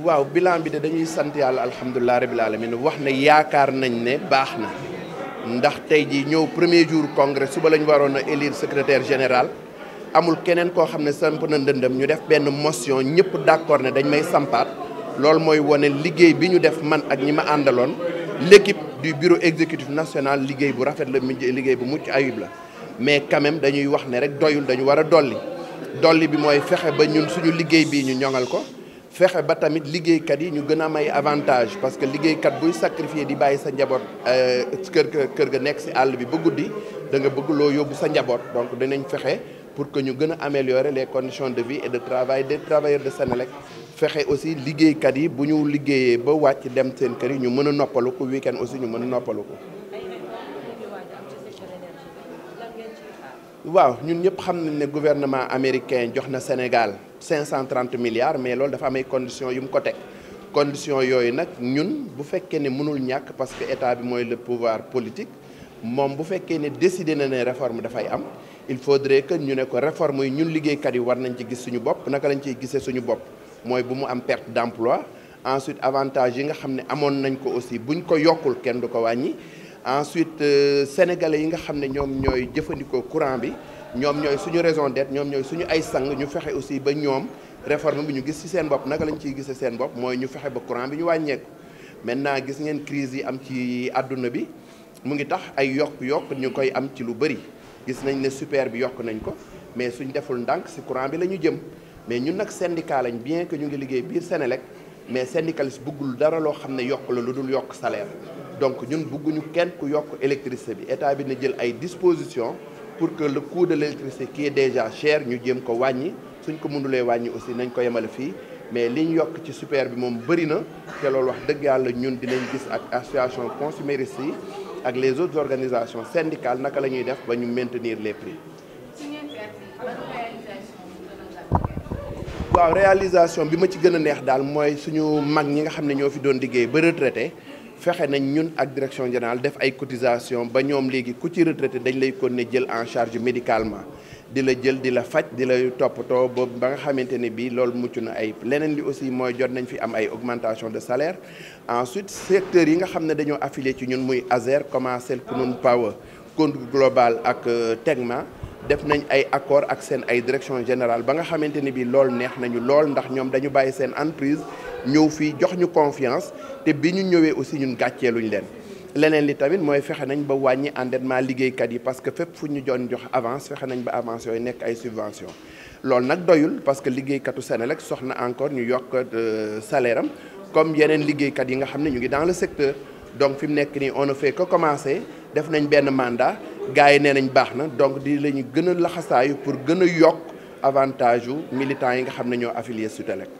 waaw bilan bi de dañuy sant yàlla alhamdulilah rabil alamin wax ne yaakaar nañ ne baax na ndax tey jii ñëw premier jour congrès suba la ñu waroon a élire secrétaire général amul keneen koo xam ne samp na ndëndëm ñu def benn motion ñëpp d'accord ne dañ may sampaat lool mooy wane liggéey bi ñu def man ak ñi ma àndaloon l'équipe di bureau exécutif national liggéey bu rafet la liggéey bu mucc ayib la mais quand dañuy wax ne rek doyul dañu war a dolli dolli bi mooy fexe ba ñun suñu liggéey bii ñu ñoŋal ko fexe ba tamit liggéeykat yi ñu gën a may avantage parce que liggéeykat buy sacrifier di bàyyi sa njaboot euh, kër kër ga nekk si àll bi ba guddi da nga bëgg loo yóbbu sa njaboot donc dinañ fexe pour que ñu gën a améliorer les conditions de vie et de travail des travailleurs de Sénélec fexe aussi liggéeykat yi bu ñu liggéeyee ba wàcc dem seen kër yi ñu mën a noppalu ko week-end aussi ñu mën a noppalu ko waaw ñun ñëpp xam nañ ne gouvernement américain jox na Sénégal 530 milliards mais loolu dafa amee ay conditions yu mu ko teg conditions yooyu nag ñun bu fekkee ne mënul ñàkk parce que état bi mooy le pouvoir politique moom bu fekkee ne décidé na ne réforme dafay am il faudrait que ñu ne ko réforme yi ñun liggéeykat yi war nañ ci gis suñu bopp naka lañ ciy gisee suñu bopp mooy bu mu am perte d'emploi ensuite avantage yi nga xam ne amoon nañ ko aussi buñ ko yokkul kenn du ko wàññi ensuite euh, sénégalais yi nga xam ne ñoom ñooy jëfandikoo courant bi ñoom ñooy suñu raison d'être ñoom ñooy suñu ay sang ñu fexe aussi ba ñoom réforme bi ñu gis ci seen bopp naka lañ ciy gisee seen bopp mooy ñu fexe ba courant bi ñu wàññeeku. maintenant gis ngeen crise yi am ci àdduna bi mu ngi tax ay yokk-yokk ñu koy am ci lu bëri gis nañ ne super bi yokk nañ ko mais suñ deful ndànk ci courant bi la ñu jëm mais ñun nag syndicat lañ bien que ñu ngi liggéey biir Sénélec mais syndicaliste bëggul dara loo xam ne yokk lu dul yokk salaire. donc ñun bëgguñu kenn ku yokk électricité bi état bi na jël ay dispositions pour que le coût de l'électricité qui est déjà cher ñu jéem ko wàññi suñ ko mënulee wàññi aussi nañ ko yemale fii mais liñ yokk ci super bi moom bëri na te loolu wax dëgg yàlla ñun dinañ gis ak association consumériste yi ak les autres organisations syndicales naka la ñuy def ba ñu maintenir les prix. waaw réalisation bi ma ci gën a neex daal mooy suñu mag ñi nga xam ne ñoo fi doon liggéey ba retraité. fexe nañ ñun ak direction générale def ay cotisation ba ñoom léegi ku ci retraité dañ lay kon ne jël en charge médicalement di la jël di la faj di la toppatoo ba ba nga xamante ne bii loolu mucc na ay leneen li aussi mooy jot nañ fi am ay augmentation de salaire ensuite secteurs yi nga xam ne dañoo affilié ci ñun muy Azer Commacel Kunun Power Condu Global ak euh, Tegma def nañ ay accord ak seen ay direction général ba nga xamante ni bii loolu neex nañu lool ndax ñoom dañu bàyyi seen entreprise ñëw fii jox ñu confiance te bi ñu ñëwee aussi ñun gàccee lu ñu leen leneen li tamit mooy fexe nañ ba wàññi endettement liggéeykat yi parce que fépp fu ñu doon jox avance fexe nañ ba avance yooyu nekk ay subvention loolu nag doyul parce que liggéeykatu Senelec soxna encore ñu yokk euh, salaire am comme yeneen liggéeykat yi nga xam ne ñu ngi dans le secteur donc fi mu nekk nii on ne fait que commencer def nañ benn mandat gars yi nee nañ baax na donc di lañu gën a laxasaayu pour gën a yokk avantage yu militants yi nga xam ne ñoo affilié Sutelec